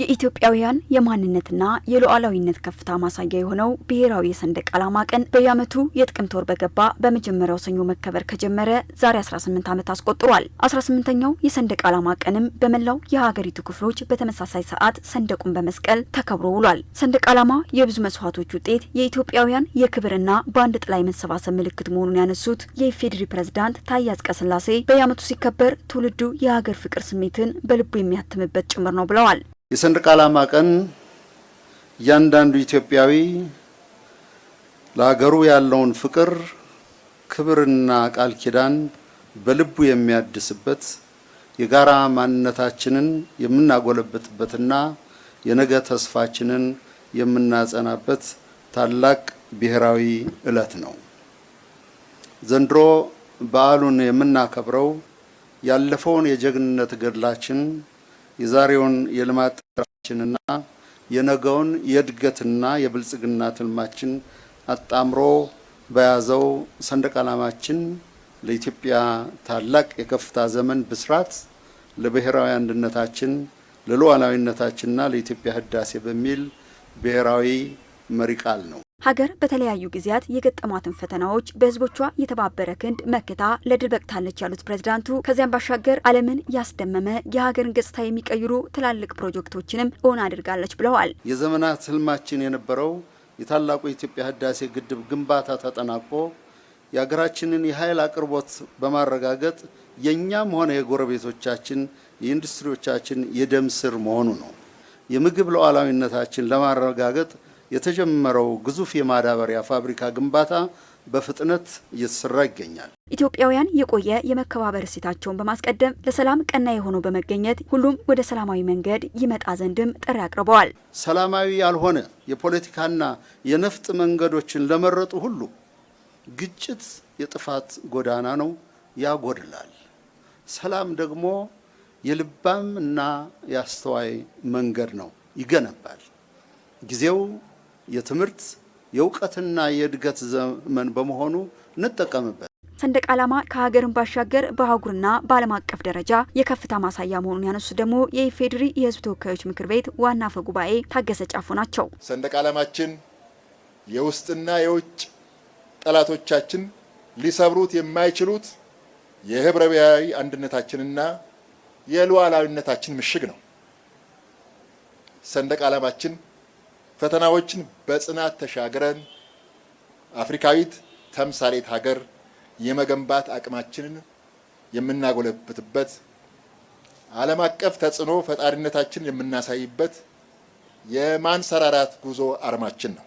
የኢትዮጵያውያን የማንነትና የሉዓላዊነት ከፍታ ማሳያ የሆነው ብሔራዊ የሰንደቅ ዓላማ ቀን በየዓመቱ የጥቅምት ወር በገባ በመጀመሪያው ሰኞ መከበር ከጀመረ ዛሬ 18 ዓመት አስቆጥሯል። 18ኛው የሰንደቅ ዓላማ ቀንም በመላው የሀገሪቱ ክፍሎች በተመሳሳይ ሰዓት ሰንደቁን በመስቀል ተከብሮ ውሏል። ሰንደቅ ዓላማ የብዙ መስዋዕቶች ውጤት፣ የኢትዮጵያውያን የክብርና በአንድ ጥላ የመሰባሰብ ምልክት መሆኑን ያነሱት የኢፌዴሪ ፕሬዝዳንት ታዬ አጽቀሥላሴ በየዓመቱ ሲከበር ትውልዱ የሀገር ፍቅር ስሜትን በልቡ የሚያትምበት ጭምር ነው ብለዋል። የሰንደቅ ዓላማ ቀን እያንዳንዱ ኢትዮጵያዊ ለሀገሩ ያለውን ፍቅር፣ ክብርና ቃል ኪዳን በልቡ የሚያድስበት የጋራ ማንነታችንን የምናጎለብትበትና የነገ ተስፋችንን የምናጸናበት ታላቅ ብሔራዊ ዕለት ነው። ዘንድሮ በዓሉን የምናከብረው ያለፈውን የጀግንነት ገድላችን የዛሬውን የልማት ጥረታችንና የነገውን የእድገትና የብልጽግና ትልማችን አጣምሮ በያዘው ሰንደቅ ዓላማችን ለኢትዮጵያ ታላቅ የከፍታ ዘመን ብስራት ለብሔራዊ አንድነታችን ለሉዓላዊነታችንና ለኢትዮጵያ ሕዳሴ በሚል ብሔራዊ መሪ ቃል ነው። ሀገር በተለያዩ ጊዜያት የገጠሟትን ፈተናዎች በህዝቦቿ የተባበረ ክንድ መክታ ለድል በቅታለች ያሉት ፕሬዝዳንቱ ከዚያም ባሻገር ዓለምን ያስደመመ የሀገርን ገጽታ የሚቀይሩ ትላልቅ ፕሮጀክቶችንም እውን አድርጋለች ብለዋል። የዘመናት ህልማችን የነበረው የታላቁ የኢትዮጵያ ህዳሴ ግድብ ግንባታ ተጠናቆ የሀገራችንን የኃይል አቅርቦት በማረጋገጥ የእኛም ሆነ የጎረቤቶቻችን የኢንዱስትሪዎቻችን የደም ስር መሆኑ ነው። የምግብ ሉዓላዊነታችን ለማረጋገጥ የተጀመረው ግዙፍ የማዳበሪያ ፋብሪካ ግንባታ በፍጥነት እየተሰራ ይገኛል። ኢትዮጵያውያን የቆየ የመከባበር እሴታቸውን በማስቀደም ለሰላም ቀና የሆኑ በመገኘት ሁሉም ወደ ሰላማዊ መንገድ ይመጣ ዘንድም ጥሪ አቅርበዋል። ሰላማዊ ያልሆነ የፖለቲካና የነፍጥ መንገዶችን ለመረጡ ሁሉ ግጭት የጥፋት ጎዳና ነው፣ ያጎድላል። ሰላም ደግሞ የልባም እና የአስተዋይ መንገድ ነው፣ ይገነባል። ጊዜው የትምህርት የእውቀትና የእድገት ዘመን በመሆኑ እንጠቀምበት። ሰንደቅ ዓላማ ከሀገርን ባሻገር በአህጉርና በዓለም አቀፍ ደረጃ የከፍታ ማሳያ መሆኑን ያነሱት ደግሞ የኢፌዴሪ የሕዝብ ተወካዮች ምክር ቤት ዋና አፈ ጉባኤ ታገሰ ጫፉ ናቸው። ሰንደቅ ዓላማችን የውስጥና የውጭ ጠላቶቻችን ሊሰብሩት የማይችሉት የህብረ ብሔራዊ አንድነታችንና የሉዓላዊነታችን ምሽግ ነው። ሰንደቅ ዓላማችን ፈተናዎችን በጽናት ተሻግረን አፍሪካዊት ተምሳሌት ሀገር የመገንባት አቅማችንን የምናጎለብትበት ዓለም አቀፍ ተጽዕኖ ፈጣሪነታችንን የምናሳይበት የማንሰራራት ጉዞ አርማችን ነው።